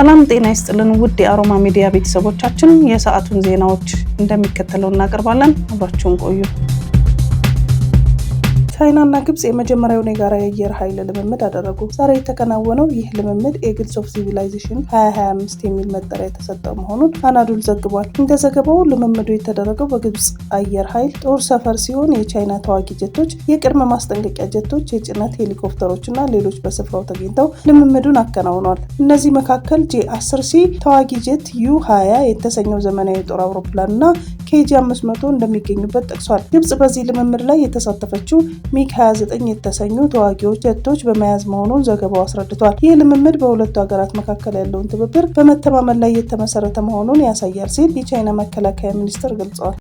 ሰላም ጤና ይስጥልን ውድ የአሮማ ሚዲያ ቤተሰቦቻችን፣ የሰዓቱን ዜናዎች እንደሚከተለው እናቀርባለን። አብራችሁን ቆዩ። ቻይናና ግብጽ የመጀመሪያውን የጋራ የአየር ኃይል ልምምድ አደረጉ። ዛሬ የተከናወነው ይህ ልምምድ ኤግልስ ኦፍ ሲቪላይዜሽን 2025 የሚል መጠሪያ የተሰጠው መሆኑን አናዱል ዘግቧል። እንደ ዘገባው ልምምዱ የተደረገው በግብጽ አየር ኃይል ጦር ሰፈር ሲሆን የቻይና ተዋጊ ጀቶች፣ የቅድመ ማስጠንቀቂያ ጀቶች፣ የጭነት ና ሌሎች በስፍራው ተገኝተው ልምምዱን አከናውኗል። እነዚህ መካከል ጄ 10 ሲ ተዋጊ ጀት፣ ዩ 20 የተሰኘው ዘመናዊ የጦር አውሮፕላንና ኬጂ 500 እንደሚገኙበት ጠቅሷል። ግብጽ በዚህ ልምምድ ላይ የተሳተፈችው ሚግ 29 የተሰኙ ተዋጊዎች ጀቶች በመያዝ መሆኑን ዘገባው አስረድቷል። ይህ ልምምድ በሁለቱ ሀገራት መካከል ያለውን ትብብር በመተማመን ላይ የተመሰረተ መሆኑን ያሳያል ሲል የቻይና መከላከያ ሚኒስቴር ገልጸዋል።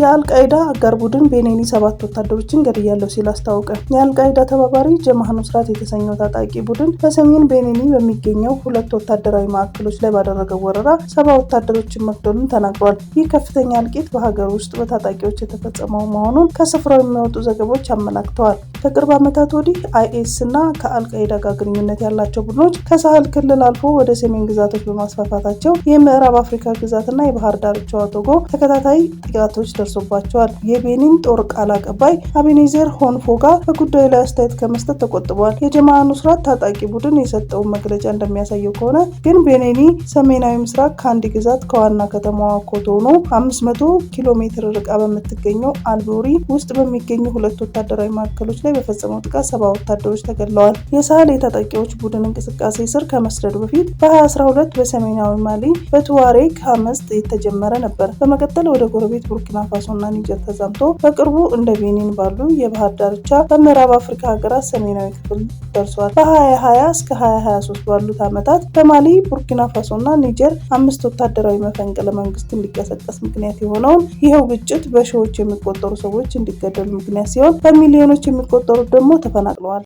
የአልቃይዳ አጋር ቡድን ቤኔኒ ሰባት ወታደሮችን ገድያለሁ ሲል አስታወቀ። የአልቃይዳ ተባባሪ ጀማህ ኑስራት የተሰኘው ታጣቂ ቡድን በሰሜን ቤኔኒ በሚገኘው ሁለት ወታደራዊ ማዕከሎች ላይ ባደረገው ወረራ ሰባ ወታደሮችን መግደሉን ተናግሯል። ይህ ከፍተኛ እልቂት በሀገር ውስጥ በታጣቂዎች የተፈጸመው መሆኑን ከስፍራው የሚወጡ ዘገቦች አመላክተዋል። ከቅርብ ዓመታት ወዲህ አይኤስ እና ከአልቃይዳ ጋር ግንኙነት ያላቸው ቡድኖች ከሳህል ክልል አልፎ ወደ ሰሜን ግዛቶች በማስፋፋታቸው የምዕራብ አፍሪካ ግዛትና የባህር ዳርቻዋ ቶጎ ተከታታይ ጥቃቶች ደርሶባቸዋል። የቤኒን ጦር ቃል አቀባይ አቤኔዘር ሆንፎጋ በጉዳዩ ላይ አስተያየት ከመስጠት ተቆጥበዋል። የጀማ ኑስራት ታጣቂ ቡድን የሰጠውን መግለጫ እንደሚያሳየው ከሆነ ግን ቤኔኒ ሰሜናዊ ምስራቅ ከአንድ ግዛት ከዋና ከተማዋ ኮቶኖ 500 ኪሎ ሜትር ርቃ በምትገኘው አልቦሪ ውስጥ በሚገኙ ሁለት ወታደራዊ ማዕከሎች ላይ ላይ በፈጸመው ጥቃት ሰባ ወታደሮች ተገድለዋል። የሳህል የታጣቂዎች ቡድን እንቅስቃሴ ስር ከመስደዱ በፊት በ2012 በሰሜናዊ ማሊ በቱዋሬግ አመጽ የተጀመረ ነበር። በመቀጠል ወደ ጎረቤት ቡርኪና ፋሶና ኒጀር ተዛምቶ በቅርቡ እንደ ቤኒን ባሉ የባህር ዳርቻ በምዕራብ አፍሪካ ሀገራት ሰሜናዊ ክፍል ደርሷል በ ከ2020 እስከ 2023 ባሉት ዓመታት በማሊ ቡርኪና ፋሶና ኒጀር አምስት ወታደራዊ መፈንቅለ መንግስት እንዲቀሰቀስ ምክንያት የሆነውን ይኸው ግጭት በሺዎች የሚቆጠሩ ሰዎች እንዲገደሉ ምክንያት ሲሆን በሚሊዮኖች የሚቆጠሩት ደግሞ ተፈናቅለዋል።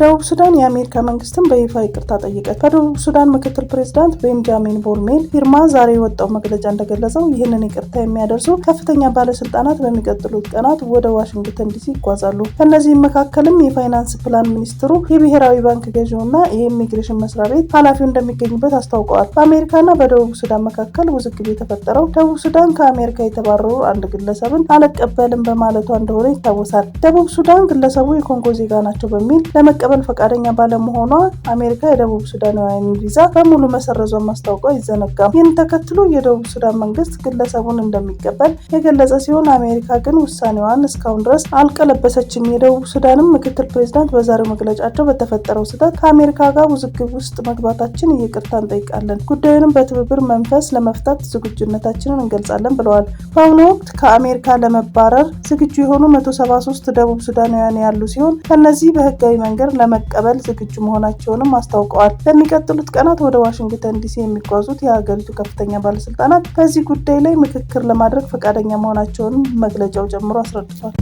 ደቡብ ሱዳን የአሜሪካ መንግስትን በይፋ ይቅርታ ጠየቀች። ከደቡብ ሱዳን ምክትል ፕሬዚዳንት ቤንጃሚን ቦልሜል ፊርማ ዛሬ የወጣው መግለጫ እንደገለጸው ይህንን ይቅርታ የሚያደርሱ ከፍተኛ ባለስልጣናት በሚቀጥሉት ቀናት ወደ ዋሽንግተን ዲሲ ይጓዛሉ። ከእነዚህም መካከልም የፋይናንስ ፕላን ሚኒስትሩ፣ የብሔራዊ ባንክ ገዢው እና የኢሚግሬሽን መስሪያ ቤት ኃላፊው እንደሚገኙበት አስታውቀዋል። በአሜሪካና በደቡብ ሱዳን መካከል ውዝግብ የተፈጠረው ደቡብ ሱዳን ከአሜሪካ የተባረሩ አንድ ግለሰብን አልቀበልም በማለቷ እንደሆነ ይታወሳል። ደቡብ ሱዳን ግለሰቡ የኮንጎ ዜጋ ናቸው በሚል ለመቀ ለመቀበል ፈቃደኛ ባለመሆኗ አሜሪካ የደቡብ ሱዳናውያን ቪዛ በሙሉ መሰረዟን ማስታወቋ ይዘነጋም። ይህን ተከትሎ የደቡብ ሱዳን መንግስት ግለሰቡን እንደሚቀበል የገለጸ ሲሆን አሜሪካ ግን ውሳኔዋን እስካሁን ድረስ አልቀለበሰችም። የደቡብ ሱዳንም ምክትል ፕሬዚዳንት በዛሬው መግለጫቸው በተፈጠረው ስህተት ከአሜሪካ ጋር ውዝግብ ውስጥ መግባታችን ይቅርታ እንጠይቃለን፣ ጉዳዩንም በትብብር መንፈስ ለመፍታት ዝግጁነታችንን እንገልጻለን ብለዋል። በአሁኑ ወቅት ከአሜሪካ ለመባረር ዝግጁ የሆኑ 173 ደቡብ ሱዳናውያን ያሉ ሲሆን ከእነዚህ በህጋዊ መንገድ ለመቀበል ዝግጁ መሆናቸውንም አስታውቀዋል። በሚቀጥሉት ቀናት ወደ ዋሽንግተን ዲሲ የሚጓዙት የሀገሪቱ ከፍተኛ ባለስልጣናት በዚህ ጉዳይ ላይ ምክክር ለማድረግ ፈቃደኛ መሆናቸውንም መግለጫው ጨምሮ አስረድቷል።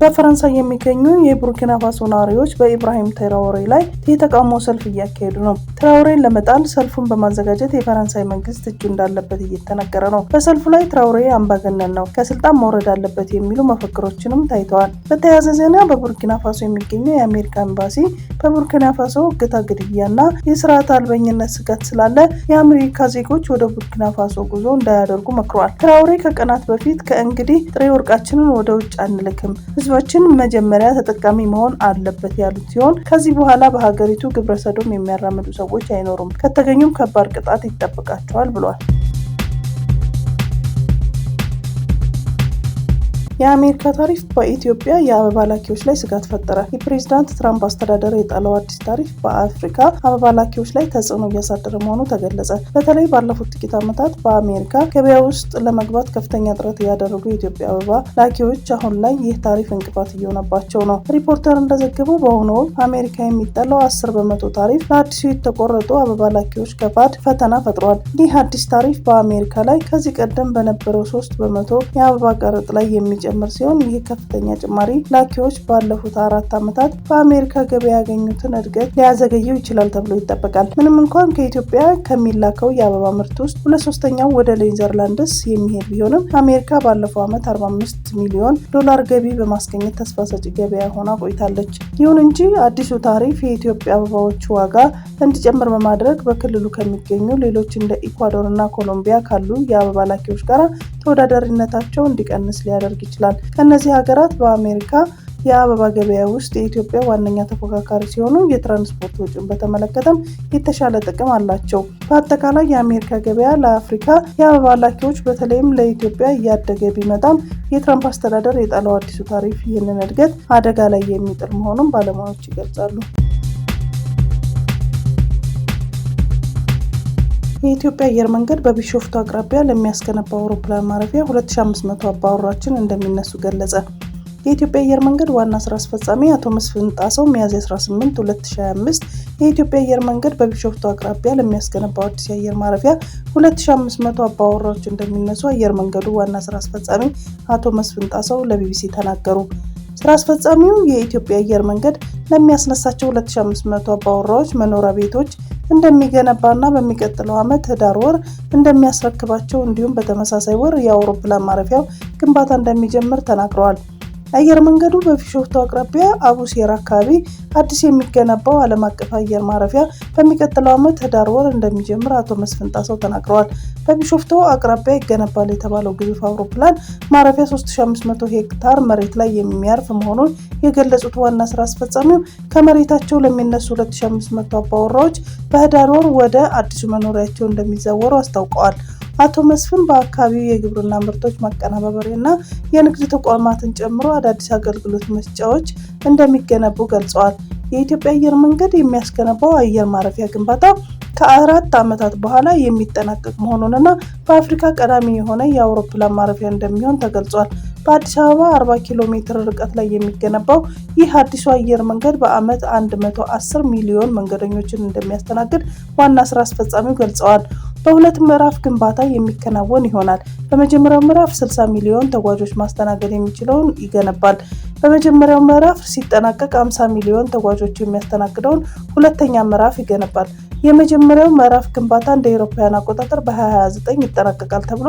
በፈረንሳይ የሚገኙ የቡርኪና ፋሶ ነዋሪዎች በኢብራሂም ትራውሬ ላይ የተቃውሞ ሰልፍ እያካሄዱ ነው። ትራኦሬን ለመጣል ሰልፉን በማዘጋጀት የፈረንሳይ መንግስት እጁ እንዳለበት እየተነገረ ነው። በሰልፉ ላይ ትራውሬ አምባገነን ነው፣ ከስልጣን መውረድ አለበት የሚሉ መፈክሮችንም ታይተዋል። በተያያዘ ዜና በቡርኪና ፋሶ የሚገኘው የአሜሪካ ኤምባሲ በቡርኪና ፋሶ እገታ፣ ና የስርዓት አልበኝነት ስጋት ስላለ የአሜሪካ ዜጎች ወደ ቡርኪና ፋሶ ጉዞ እንዳያደርጉ መክረዋል። ትራኦሬ ከቀናት በፊት ከእንግዲህ ጥሬ ወርቃችንን ወደ ውጭ አንልክም ሴቶችን መጀመሪያ ተጠቃሚ መሆን አለበት ያሉት ሲሆን ከዚህ በኋላ በሀገሪቱ ግብረሰዶም የሚያራምዱ ሰዎች አይኖሩም፣ ከተገኙም ከባድ ቅጣት ይጠብቃቸዋል ብሏል። የአሜሪካ ታሪፍ በኢትዮጵያ የአበባ ላኪዎች ላይ ስጋት ፈጠረ። የፕሬዚዳንት ትራምፕ አስተዳደር የጣለው አዲስ ታሪፍ በአፍሪካ አበባ ላኪዎች ላይ ተጽዕኖ እያሳደረ መሆኑ ተገለጸ። በተለይ ባለፉት ጥቂት ዓመታት በአሜሪካ ገበያ ውስጥ ለመግባት ከፍተኛ ጥረት እያደረጉ የኢትዮጵያ አበባ ላኪዎች አሁን ላይ ይህ ታሪፍ እንቅፋት እየሆነባቸው ነው። ሪፖርተር እንደዘገበው በአሁኑ ወቅት አሜሪካ የሚጣለው አስር በመቶ ታሪፍ ለአዲሱ የተቆረጡ አበባ ላኪዎች ከባድ ፈተና ፈጥሯል። ይህ አዲስ ታሪፍ በአሜሪካ ላይ ከዚህ ቀደም በነበረው ሶስት በመቶ የአበባ ቀረጥ ላይ የሚ የሚጨምር ሲሆን ይህ ከፍተኛ ጭማሪ ላኪዎች ባለፉት አራት ዓመታት በአሜሪካ ገበያ ያገኙትን እድገት ሊያዘገየው ይችላል ተብሎ ይጠበቃል። ምንም እንኳን ከኢትዮጵያ ከሚላከው የአበባ ምርት ውስጥ ሁለት ሶስተኛው ወደ ኔዘርላንድስ የሚሄድ ቢሆንም አሜሪካ ባለፈው ዓመት 45 ሚሊዮን ዶላር ገቢ በማስገኘት ተስፋ ሰጪ ገበያ ሆና ቆይታለች። ይሁን እንጂ አዲሱ ታሪፍ የኢትዮጵያ አበባዎች ዋጋ እንዲጨምር በማድረግ በክልሉ ከሚገኙ ሌሎች እንደ ኢኳዶር እና ኮሎምቢያ ካሉ የአበባ ላኪዎች ጋር ተወዳዳሪነታቸው እንዲቀንስ ሊያደርግ ይችላል። ይችላል። እነዚህ ሀገራት በአሜሪካ የአበባ ገበያ ውስጥ የኢትዮጵያ ዋነኛ ተፎካካሪ ሲሆኑ የትራንስፖርት ወጪን በተመለከተም የተሻለ ጥቅም አላቸው። በአጠቃላይ የአሜሪካ ገበያ ለአፍሪካ የአበባ ላኪዎች በተለይም ለኢትዮጵያ እያደገ ቢመጣም የትራምፕ አስተዳደር የጣለው አዲሱ ታሪፍ ይህንን እድገት አደጋ ላይ የሚጥል መሆኑን ባለሙያዎች ይገልጻሉ። የኢትዮጵያ አየር መንገድ በቢሾፍቱ አቅራቢያ ለሚያስገነባው አውሮፕላን ማረፊያ 2500 አባወራዎችን እንደሚነሱ ገለጸ። የኢትዮጵያ አየር መንገድ ዋና ስራ አስፈጻሚ አቶ መስፍን ጣሰው ሚያዝያ 18 2025 የኢትዮጵያ አየር መንገድ በቢሾፍቱ አቅራቢያ ለሚያስገነባው አዲስ የአየር ማረፊያ 2500 አባወራዎች እንደሚነሱ አየር መንገዱ ዋና ስራ አስፈጻሚ አቶ መስፍን ጣሰው ለቢቢሲ ተናገሩ። ስራ አስፈጻሚው የኢትዮጵያ አየር መንገድ ለሚያስነሳቸው 2500 አባወራዎች መኖሪያ ቤቶች እንደሚገነባና በሚቀጥለው ዓመት ህዳር ወር እንደሚያስረክባቸው እንዲሁም በተመሳሳይ ወር የአውሮፕላን ማረፊያው ግንባታ እንደሚጀምር ተናግረዋል። አየር መንገዱ በቢሾፍቱ አቅራቢያ አቡሴር አካባቢ አዲስ የሚገነባው ዓለም አቀፍ አየር ማረፊያ በሚቀጥለው ዓመት ህዳር ወር እንደሚጀምር አቶ መስፍን ጣሰው ተናግረዋል። በቢሾፍቱ አቅራቢያ ይገነባል የተባለው ግዙፍ አውሮፕላን ማረፊያ 3500 ሄክታር መሬት ላይ የሚያርፍ መሆኑን የገለጹት ዋና ስራ አስፈጻሚው ከመሬታቸው ለሚነሱ 2500 አባወራዎች በህዳር ወር ወደ አዲሱ መኖሪያቸው እንደሚዘወሩ አስታውቀዋል። አቶ መስፍን በአካባቢው የግብርና ምርቶች ማቀነባበሪያና የንግድ ተቋማትን ጨምሮ አዳዲስ አገልግሎት መስጫዎች እንደሚገነቡ ገልጸዋል። የኢትዮጵያ አየር መንገድ የሚያስገነባው አየር ማረፊያ ግንባታ ከአራት ዓመታት በኋላ የሚጠናቀቅ መሆኑንና በአፍሪካ ቀዳሚ የሆነ የአውሮፕላን ማረፊያ እንደሚሆን ተገልጿል። በአዲስ አበባ 40 ኪሎ ሜትር ርቀት ላይ የሚገነባው ይህ አዲሱ አየር መንገድ በዓመት 110 ሚሊዮን መንገደኞችን እንደሚያስተናግድ ዋና ስራ አስፈጻሚው ገልጸዋል። በሁለት ምዕራፍ ግንባታ የሚከናወን ይሆናል። በመጀመሪያው ምዕራፍ 60 ሚሊዮን ተጓዦች ማስተናገድ የሚችለውን ይገነባል። በመጀመሪያው ምዕራፍ ሲጠናቀቅ 50 ሚሊዮን ተጓዦች የሚያስተናግደውን ሁለተኛ ምዕራፍ ይገነባል። የመጀመሪያው ምዕራፍ ግንባታ እንደ አውሮፓውያን አቆጣጠር በ2029 ይጠናቀቃል ተብሎ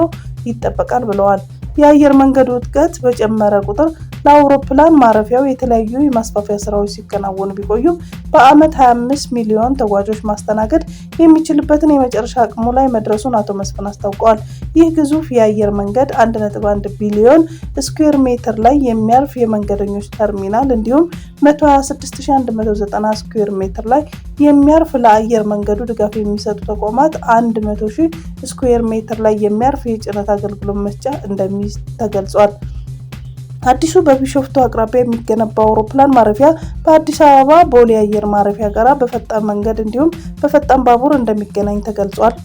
ይጠበቃል ብለዋል። የአየር መንገዱ እድገት በጨመረ ቁጥር ለአውሮፕላን ማረፊያው የተለያዩ የማስፋፊያ ስራዎች ሲከናወኑ ቢቆዩም በዓመት 25 ሚሊዮን ተጓዦች ማስተናገድ የሚችልበትን የመጨረሻ አቅሙ ላይ መድረሱን አቶ መስፍን አስታውቀዋል። ይህ ግዙፍ የአየር መንገድ 1.1 ቢሊዮን ስኩዌር ሜትር ላይ የሚያርፍ የመንገደኞች ተርሚናል እንዲሁም 126190 ስኩዌር ሜትር ላይ የሚያርፍ ለአየር መንገዱ ድጋፍ የሚሰጡ ተቋማት 1000 ስኩዌር ሜትር ላይ የሚያርፍ የጭነት አገልግሎት መስጫ እንደሚይዝ ተገልጿል። አዲሱ በቢሾፍቱ አቅራቢያ የሚገነባው አውሮፕላን ማረፊያ በአዲስ አበባ ቦሌ አየር ማረፊያ ጋራ በፈጣን መንገድ እንዲሁም በፈጣን ባቡር እንደሚገናኝ ተገልጿል።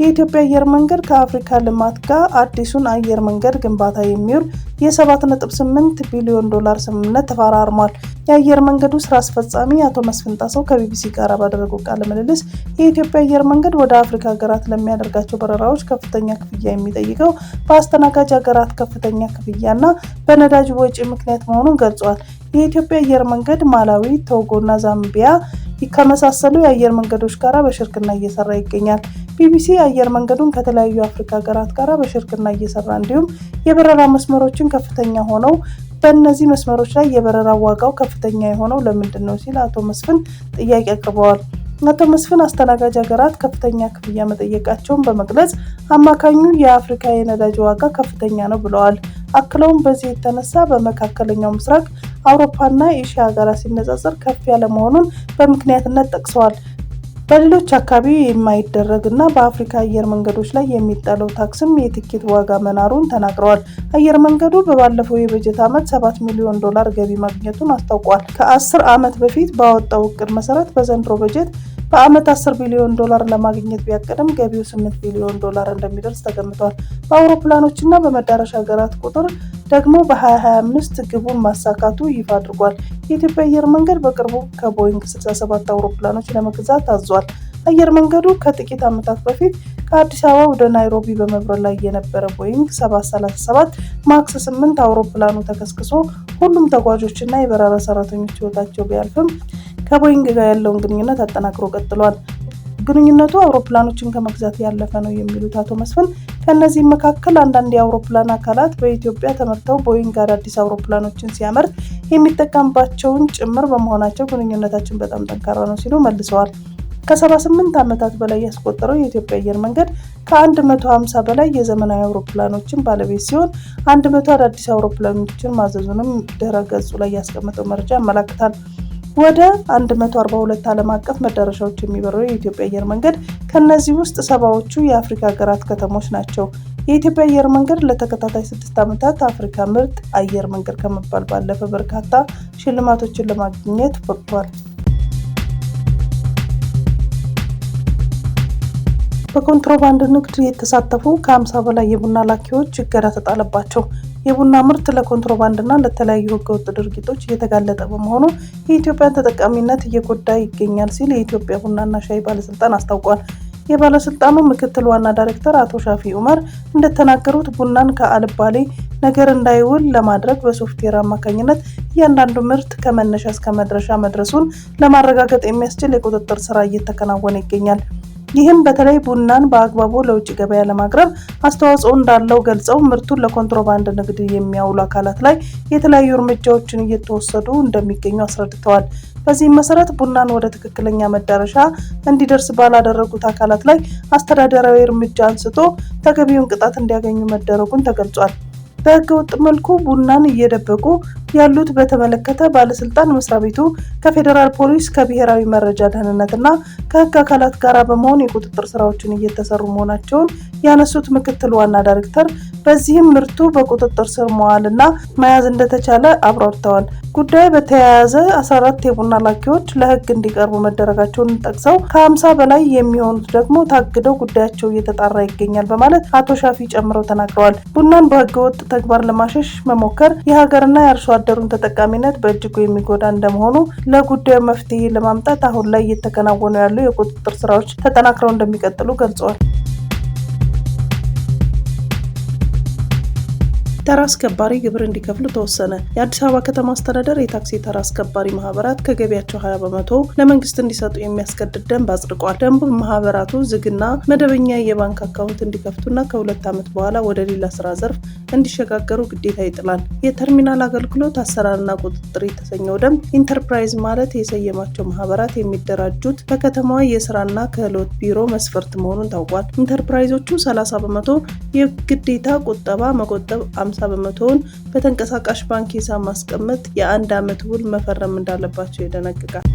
የኢትዮጵያ አየር መንገድ ከአፍሪካ ልማት ጋር አዲሱን አየር መንገድ ግንባታ የሚውል የ7.8 ቢሊዮን ዶላር ስምምነት ተፈራርሟል። የአየር መንገዱ ስራ አስፈጻሚ አቶ መስፍን ጣሰው ከቢቢሲ ጋር ባደረጉ ቃለ ምልልስ የኢትዮጵያ አየር መንገድ ወደ አፍሪካ ሀገራት ለሚያደርጋቸው በረራዎች ከፍተኛ ክፍያ የሚጠይቀው በአስተናጋጅ ሀገራት ከፍተኛ ክፍያና በነዳጅ ወጪ ምክንያት መሆኑን ገልጿል። የኢትዮጵያ አየር መንገድ ማላዊ፣ ቶጎና ዛምቢያ ከመሳሰሉ የአየር መንገዶች ጋር በሽርክና እየሰራ ይገኛል። ቢቢሲ አየር መንገዱን ከተለያዩ አፍሪካ ሀገራት ጋር በሽርክና እየሰራ እንዲሁም የበረራ መስመሮችን ከፍተኛ ሆነው በእነዚህ መስመሮች ላይ የበረራ ዋጋው ከፍተኛ የሆነው ለምንድን ነው ሲል አቶ መስፍን ጥያቄ አቅርበዋል። አቶ መስፍን አስተናጋጅ ሀገራት ከፍተኛ ክፍያ መጠየቃቸውን በመግለጽ አማካኙ የአፍሪካ የነዳጅ ዋጋ ከፍተኛ ነው ብለዋል። አክለውም በዚህ የተነሳ በመካከለኛው ምስራቅ፣ አውሮፓና ኤሽያ ሀገራት ሲነጻጸር ከፍ ያለ መሆኑን በምክንያትነት ጠቅሰዋል። በሌሎች አካባቢ የማይደረግ እና በአፍሪካ አየር መንገዶች ላይ የሚጣለው ታክስም የትኬት ዋጋ መናሩን ተናግረዋል። አየር መንገዱ በባለፈው የበጀት ዓመት 7 ሚሊዮን ዶላር ገቢ ማግኘቱን አስታውቋል። ከ10 ዓመት በፊት ባወጣው እቅድ መሰረት በዘንድሮ በጀት በዓመት 10 ቢሊዮን ዶላር ለማግኘት ቢያቅድም ገቢው 8 ቢሊዮን ዶላር እንደሚደርስ ተገምቷል። በአውሮፕላኖችና በመዳረሻ ሀገራት ቁጥር ደግሞ በ2025 ግቡን ማሳካቱ ይፋ አድርጓል። የኢትዮጵያ አየር መንገድ በቅርቡ ከቦይንግ 67 አውሮፕላኖች ለመግዛት ታዟል። አየር መንገዱ ከጥቂት ዓመታት በፊት ከአዲስ አበባ ወደ ናይሮቢ በመብረር ላይ የነበረ ቦይንግ 737 ማክስ 8 አውሮፕላኑ ተከስክሶ ሁሉም ተጓዦችና የበረራ ሰራተኞች ህይወታቸው ቢያልፍም ከቦይንግ ጋር ያለውን ግንኙነት አጠናክሮ ቀጥሏል። ግንኙነቱ አውሮፕላኖችን ከመግዛት ያለፈ ነው የሚሉት አቶ መስፍን ከእነዚህም መካከል አንዳንድ የአውሮፕላን አካላት በኢትዮጵያ ተመርተው ቦይንግ አዳዲስ አውሮፕላኖችን ሲያመርት የሚጠቀምባቸውን ጭምር በመሆናቸው ግንኙነታችን በጣም ጠንካራ ነው ሲሉ መልሰዋል። ከ78 ዓመታት በላይ ያስቆጠረው የኢትዮጵያ አየር መንገድ ከ150 በላይ የዘመናዊ አውሮፕላኖችን ባለቤት ሲሆን 100 አዳዲስ አውሮፕላኖችን ማዘዙንም ድረ ገጹ ላይ ያስቀመጠው መረጃ ያመላክታል። ወደ 142 ዓለም አቀፍ መዳረሻዎች የሚበረው የኢትዮጵያ አየር መንገድ ከእነዚህ ውስጥ ሰባዎቹ የአፍሪካ ሀገራት ከተሞች ናቸው። የኢትዮጵያ አየር መንገድ ለተከታታይ ስድስት ዓመታት አፍሪካ ምርጥ አየር መንገድ ከመባል ባለፈ በርካታ ሽልማቶችን ለማግኘት በቅቷል። በኮንትሮባንድ ንግድ የተሳተፉ ከ50 በላይ የቡና ላኪዎች እገዳ ተጣለባቸው። የቡና ምርት ለኮንትሮባንድና ለተለያዩ ህገወጥ ድርጊቶች እየተጋለጠ በመሆኑ የኢትዮጵያን ተጠቃሚነት እየጎዳ ይገኛል ሲል የኢትዮጵያ ቡናና ሻይ ባለስልጣን አስታውቋል። የባለስልጣኑ ምክትል ዋና ዳይሬክተር አቶ ሻፊ ኡመር እንደተናገሩት ቡናን ከአልባሌ ነገር እንዳይውል ለማድረግ በሶፍትዌር አማካኝነት እያንዳንዱ ምርት ከመነሻ እስከ መድረሻ መድረሱን ለማረጋገጥ የሚያስችል የቁጥጥር ስራ እየተከናወነ ይገኛል። ይህም በተለይ ቡናን በአግባቡ ለውጭ ገበያ ለማቅረብ አስተዋጽኦ እንዳለው ገልጸው ምርቱን ለኮንትሮባንድ ንግድ የሚያውሉ አካላት ላይ የተለያዩ እርምጃዎችን እየተወሰዱ እንደሚገኙ አስረድተዋል። በዚህም መሰረት ቡናን ወደ ትክክለኛ መዳረሻ እንዲደርስ ባላደረጉት አካላት ላይ አስተዳደራዊ እርምጃ አንስቶ ተገቢውን ቅጣት እንዲያገኙ መደረጉን ተገልጿል። በህገወጥ መልኩ ቡናን እየደበቁ ያሉት በተመለከተ ባለስልጣን መስሪያ ቤቱ ከፌዴራል ፖሊስ ከብሔራዊ መረጃ ደህንነት እና ከህግ አካላት ጋር በመሆን የቁጥጥር ስራዎችን እየተሰሩ መሆናቸውን ያነሱት ምክትል ዋና ዳይሬክተር በዚህም ምርቱ በቁጥጥር ስር መዋልና መያዝ እንደተቻለ አብራርተዋል። ጉዳይ በተያያዘ 14 የቡና ላኪዎች ለህግ እንዲቀርቡ መደረጋቸውን ጠቅሰው ከ50 በላይ የሚሆኑት ደግሞ ታግደው ጉዳያቸው እየተጣራ ይገኛል በማለት አቶ ሻፊ ጨምረው ተናግረዋል። ቡናን በህገወጥ ተግባር ለማሸሽ መሞከር የሀገርና የአርሶ አደሩን ተጠቃሚነት በእጅጉ የሚጎዳ እንደመሆኑ ለጉዳዩ መፍትሄ ለማምጣት አሁን ላይ እየተከናወኑ ያሉ የቁጥጥር ስራዎች ተጠናክረው እንደሚቀጥሉ ገልጸዋል። ተራ አስከባሪ ግብር እንዲከፍሉ ተወሰነ። የአዲስ አበባ ከተማ አስተዳደር የታክሲ ተራ አስከባሪ ማህበራት ከገቢያቸው 20 በመቶ ለመንግስት እንዲሰጡ የሚያስገድድ ደንብ አጽድቋል። ደንቡ ማህበራቱ ዝግና መደበኛ የባንክ አካውንት እንዲከፍቱና ከሁለት ዓመት በኋላ ወደ ሌላ ስራ ዘርፍ እንዲሸጋገሩ ግዴታ ይጥላል። የተርሚናል አገልግሎት አሰራርና ቁጥጥር የተሰኘው ደንብ ኢንተርፕራይዝ ማለት የሰየማቸው ማህበራት የሚደራጁት በከተማዋ የስራና ክህሎት ቢሮ መስፈርት መሆኑን ታውቋል። ኢንተርፕራይዞቹ 30 በመቶ የግዴታ ቁጠባ መቆጠብ፣ 50 በመቶውን በተንቀሳቃሽ ባንክ ሂሳብ ማስቀመጥ፣ የአንድ ዓመት ውል መፈረም እንዳለባቸው ይደነግጋል።